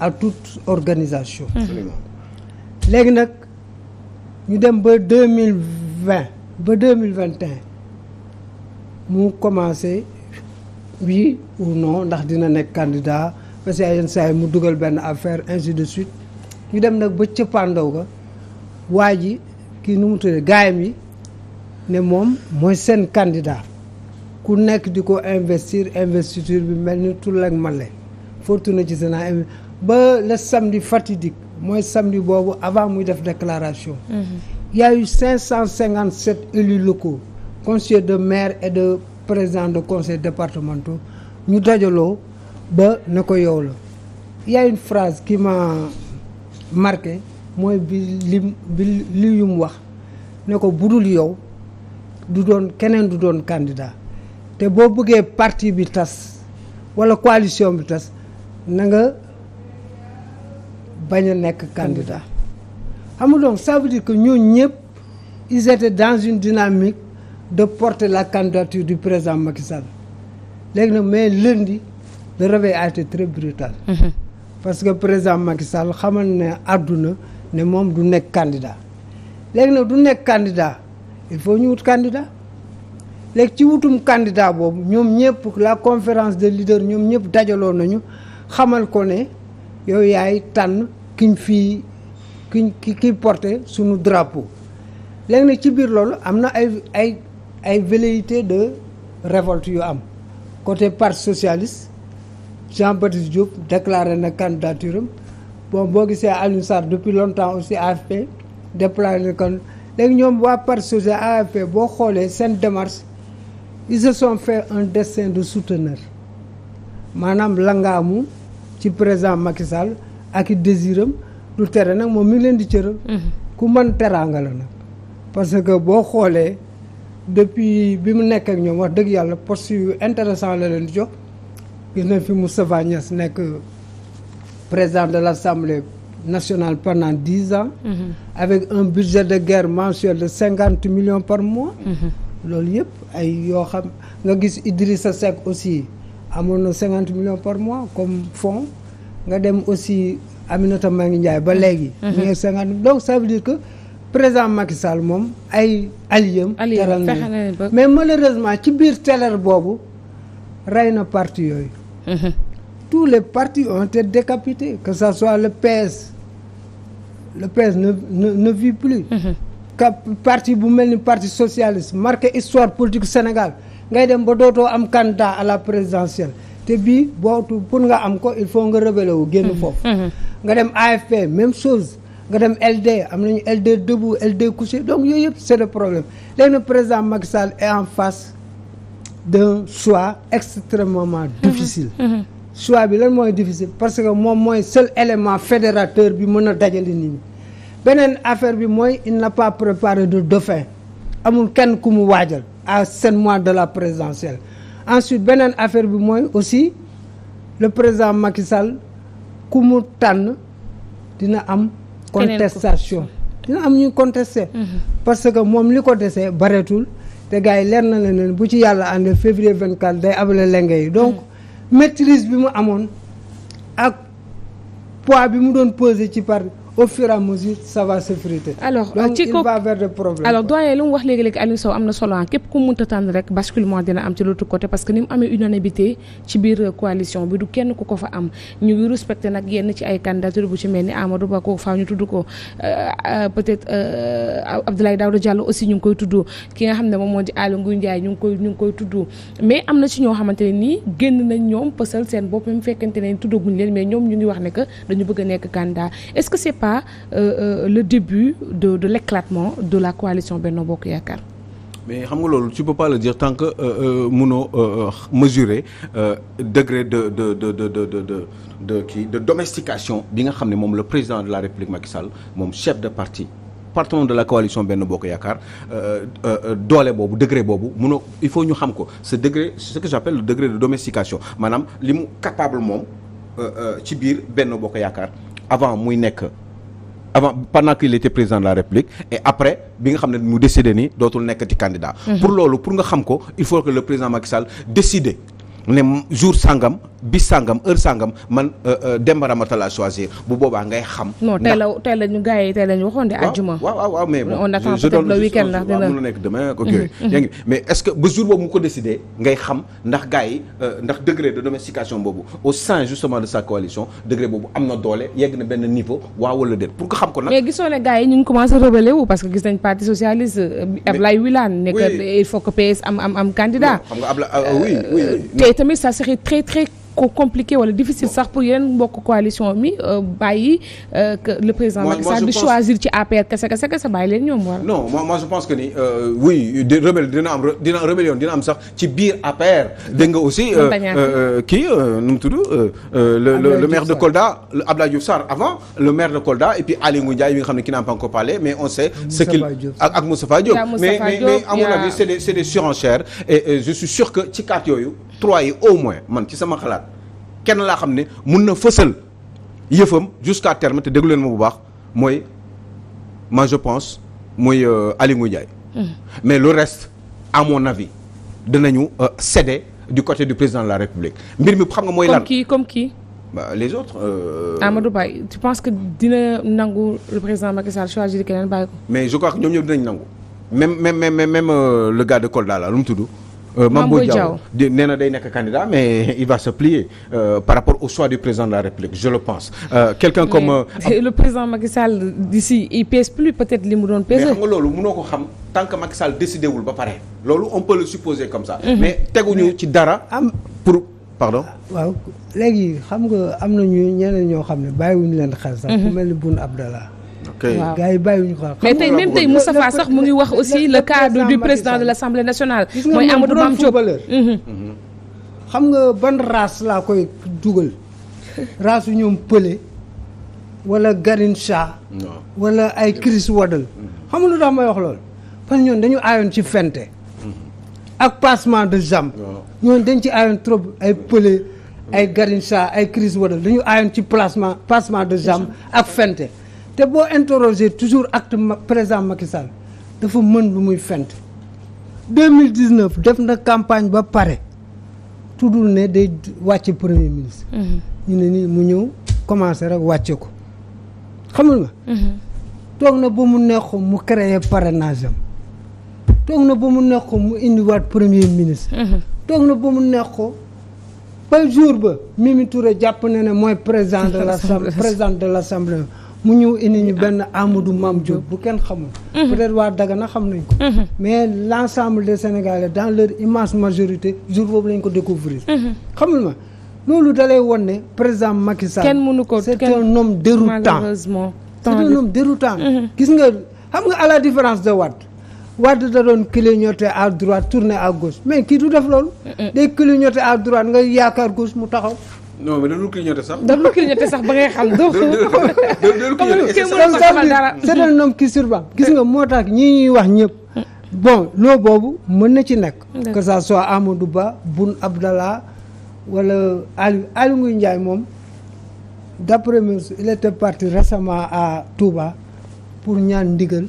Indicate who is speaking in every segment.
Speaker 1: à toute organisation. Mmh. léegi nag ñu dem ba deux mille ba deux mille vingt et mu commencé oui ou non ndax dina nekk candidat parce que yenn saa mu dugal benn affaire ainsi de suite ñu dem nag ba cëppaandaw ga waa ji kii nu mu tëree gaayam yi ne moom mooy seen candidat ku nekk di ko investir investiture bi mel ni tull ak male fortuna ci Sénat ba le samedi fatidique mooy samedi boobu avant muy def déclaration. Mhm. il y a eu 557 élus locaux de maire et de président de conseil départementaux ñu dajaloo ba ne ko yow la. il y a une phrase qui m'a marqué mooy bi lim bi li yum wax ne ko budul yow du doon keneen du doon candidat te boo bëggee parti bi tas wala coalition bi tas na bañ a nekk candidat xam donc ça dire que ñooñ ñëpp ils étaient dans une dynamique de porter la candidature du président Macky Sall léegi nag mais lundi le réveil a été brutal mhm. parce que président Macky Sall xamal ne àdduna ne moom du nekk candidat léegi nag du nekk candidat il faut ñu wut candidat léegi ci wutum candidat boobu ñoom ñëpp la conférence des leaders ñoom ñëpp dajaloo nañu xamal ko ne yow yaay tànn kiñ fii kiñ ki kiy porté suñu drapeau léegi na ci biir loolu am na ay ay ay velléité de révolte yu am côté parti socialiste Jean-Baptiste Diop déclaré na candidature am bon boo gisee Alioune Sarr depuis longtemps aussi AFP déclaré na kon léegi ñoom waa parti socialiste AFP boo xoolee seen démarche ils se sont fait un dessein de soutenir maanaam langaamu ci président Macky ak i désiram du tere nag moom mi ngi leen di cëral. Mhm. ku man teraanga la nag. parce que boo xoolee depuis bi mu nekk ak ñoom wax dëgg yàlla poste yu intéressant la leen di jox gis nañ fi Moustapha Niass nekk président de l' assemblée nationale pendant dix ans. Mm avec un budget de guerre mensuel de cinquante millions par mois. Mhm. loolu yëpp ay yoo xam nga gis Idrissa Seck aussi amoon na cinquante millions par mois comme fonds. nga dem aussi Aminata Mbengue Ndiaye ba léegi. ñu mhm. cinquante donc ça veut dire que président Macky Sall moom ay alliés teral na mais malheureusement ci biir teler boobu rey na partie yooyu. Mhm. tous les partis ont été décapités que ça soit le PS le PS ne ne ne vit plus. Mhm. ka parti bu mel ni parti socialiste marqué histoire politique Sénégal ngay dem ba dootoo am candidat à la présidentielle. te bii boo pour nga am ko il faut nga rebelle wu génn mhm. foofu mhm. nga dem AFP même chose nga dem LD am nañu LD debout LD couché donc yooyu yëpp c'est le problème léegi président Macky Sall est en face de choix extrêmement mhm. difficile choix bi lan mooy difficile parce que moom mooy seul élément fédérateur bi mën na dajale ni ñi beneen affaire bi mooy il n'a pas préparé de dauphin amul kenn ku mu waajal à sept mois de la présidentielle ensuite beneen affaire bi mooy aussi le président Macky Sall ku mu tànn dina am contestation dina am ñuy contester mhm. parce que moom li ko desee bareetul te gars yi leer na la ne bu ci yàlla ànd février 24 day abale lenge yi donc mhm. maîtrise bi mu amoon ak pois bi mu doon peser ci par au fur et à mesure ça va lu mu
Speaker 2: wax léegi-léegi Aliou Sow am na solo ah, képp ku mënta tànn rek basculement dina am ci l'autre côté parce que ni mu amee unanimité ci biir euh, coalition bi du kenn ku ko fa am ñu nag yenn ci ay candidature bu ci mel ni Amadou Ba ko ñu tudd ko euh, euh, peut-être Abdoulaye Daouda aussi ñu ngi koy tudd ki nga xam ne moom moo di Aly Ngouille Ndiaye ñu ngi koy ñu ngi koy tudd mais am na ci ñoo xamante ne nii génn nañ ñoom pësal seen bopp même fekkente ne tuddaguñ leen mais ñoom ñu ngi wax ne que dañu bëgg a nekk candidat est pas euh, euh, le début de de l'éclatement de la coalition Benno Bokk Yaakaar.
Speaker 3: mais xam nga loolu tu peux pas le dire tant munoo euh, euh, mënoo mesurer degré de de de de de de de kii de domestication bi nga xam ne moom le président de la République Macky Sall moom chef de parti. département de la coalition Benno Bokk Yaakaar doole boobu degré boobu munoo il faut ñu xam ko ce degré ce que j'appelle le degré de domestication maanaam li mu capable moom ci biir Benno Bokk Yaakaar avant muy nekk avant pendant qu'il était président de la République et après bi nga xam ne mu décidé ni dootul nekkati candidat mhm. pour loolu pour nga xam ko il faut que le président Macky Sall décide ne jour sangam bis sàngam heure sàngam man euh, euh, Demba Ramata laa choisir bu boobaa ngay xam. non tey la
Speaker 2: tey la ñu gars yi waxoon de àjjuma.
Speaker 3: waaw waaw mais bon on ndax dina na nekk demain ok. Mm-hmm. yaa ngi mais est ba jour boobu mu ko décidé ngay xam ndax gars euh, ndax degré de domestication boobu au sein justement de sa coalition degré boobu am na doole yegg na benn niveau waaw wala déet pour nga xam ko nag. mais
Speaker 2: gisoo ne yi ñu ngi commencé rebelle wu parce que gis nañ parti am am am candidat.
Speaker 3: xam nga Ablaye ah, oui
Speaker 2: oui. te tamit ça serait très ko compliqué wala difficile sax pour yeneen mbokk coalition mi euh, bàyyi euh, le président Macky Sall di choisir ci APR kese kese kese bàyyi leen ñoom wala
Speaker 3: non moi moi je pense que ni euh, oui di dina am dina rébellion dina am sax ci biir APR dégg nga aussi kii nu mu tudd le maire de colda Abdoulaye Diouf Sarr avant le maire de Kolda et puis ali Ndiaye yi nga xam ne qui n'a pas encore mais on sait ce qu'il ak Moustapha Diop mais mais à mon avis c'est des c'est des surenchères et je ci carte yooyu trois yi au moins man ci sama xalaat kenn laa xam ne mun na fësal yëfam jusqu'à terme te déglu leen ma bu baax mooy ma je pense mooy euh, Aly Ngouille Ndiaye hmm. mais le reste à mon avis danañu euh, céder du côté du président de la République mbir mi xam nga mooy lan comme qui comme qui Bah, les autres. Euh...
Speaker 2: Amadou Ba tu penses que dina nangu le président Macky Sall choisir keneen bàyyi ko.
Speaker 3: mais je crois que ñoom ñëpp dinañ nangu même même même même euh, le gars de Kolda la lu mu tudd. Euh, Mame Boye Diao nee na day nekk candidat mais il va se plier euh, par rapport au choix du président de la République je le pense. Euh, quelqu'un comme
Speaker 2: le président Macky Sall d'ici il pèse plus peut-être li mu doon pèse. mais loolu
Speaker 3: mu loolu mënoo ko xam tant que Macky Sall décidé wul ba pare loolu on peut le supposer comme ça. Mhm. mais teguñu ci dara am pour. pardon
Speaker 1: waaw léegi xam nga am na ñu ñeneen ñoo xam ne bàyyiwuñu leen xel sax. Mhm. ku mel ni Boun Abdallah gars yi bàyyiwuñu ko mais tey tey Moustapha sax mu ngi wax aussi le cadre du président de l'
Speaker 2: assemblée nationale mooy Amadou Mame Diop
Speaker 1: mhm. xam nga ban race laa koy dugal race ñoom Pelé wala Garrincha wala ay Chris Waddle mhm. xam nga lu tax may wax loolu parce que ñoon dañu aayoon ci fente mhm. ak passement de jambe ñoon dañ ci aayoon trop ay Pelé ay Garrincha ay Chris Waddle dañu aayoon ci placement passement de jambe ak fente te boo interroger toujours acte président Macky Sall dafa mën lu muy fent 2019 def na campagne ba pare tuddul ne day wàcce premier ministre mhm. ñu ne nii mu ñëw commencé rek wàcce ko xamul nga mhm. toog na ba mu neex mu créer parrainage am toog na ba mu neex mu indiwaat premier ministre mhm. toog na ba mu neex ba jour ba Mimi Touré jàpp na ne mooy président de l'assemblée président de l'assemblée mu ñëw indi ñu benn Amadou Mame Diop bu kenn xamul. Mhm. peut-être waa Dagana xam nañ ko. Mhm. mais l'ensemble des Sénégalais dans leur immense majorité jour boobu lañ ko découvrir. Mhm. xamul ma loolu dalay won ne président Macky Sall. kenn mënu ko c'est un homme déroutant malheureusement. c'est un homme temps gis nga xam nga à la différence de Wade. Wade da doon clignoter à droite tourner à gos mais kii du def loolu. day clignoter à droite nga yaakaar gos mu taxaw.
Speaker 3: non mais dañu clignoté sax. dañu
Speaker 1: clignoté sax ba ngay xam donc. c'est un homme qui surveille gis nga moo tax ñii ñuy wax ñëpp. bon loo boobu mën na ci nekk. que ça soit Amadou Ba Boun Abdallah wala Aliou Aliou Ngouille Ndiaye moom d'après moi il était parti récemment à Touba pour ñaan ndigal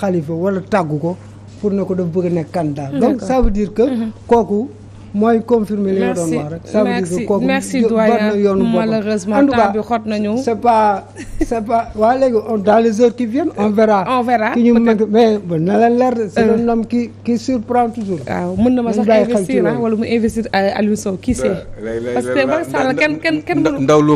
Speaker 1: xalifa wala tàggu ko pour ne ko daf bëgg a nekk candidat donc ça veut dire que mm-hmm. kooku. mooy confirmer li nga doon wax rek. ça veut dire que kooku merci doyen malheureusement temps bi
Speaker 2: xot nañu. c'est
Speaker 1: pas c'est pas waaye léegi dans les heures qui viennent on verra. on verra ki ñu mais na leen leer de. c'est euh. un homme qui surprend toujours. waaw mën na ma sax investir ah
Speaker 2: wala mu investir euh, Aliou Sow kii see. parce que man Sall kenn kenn kenn mënu.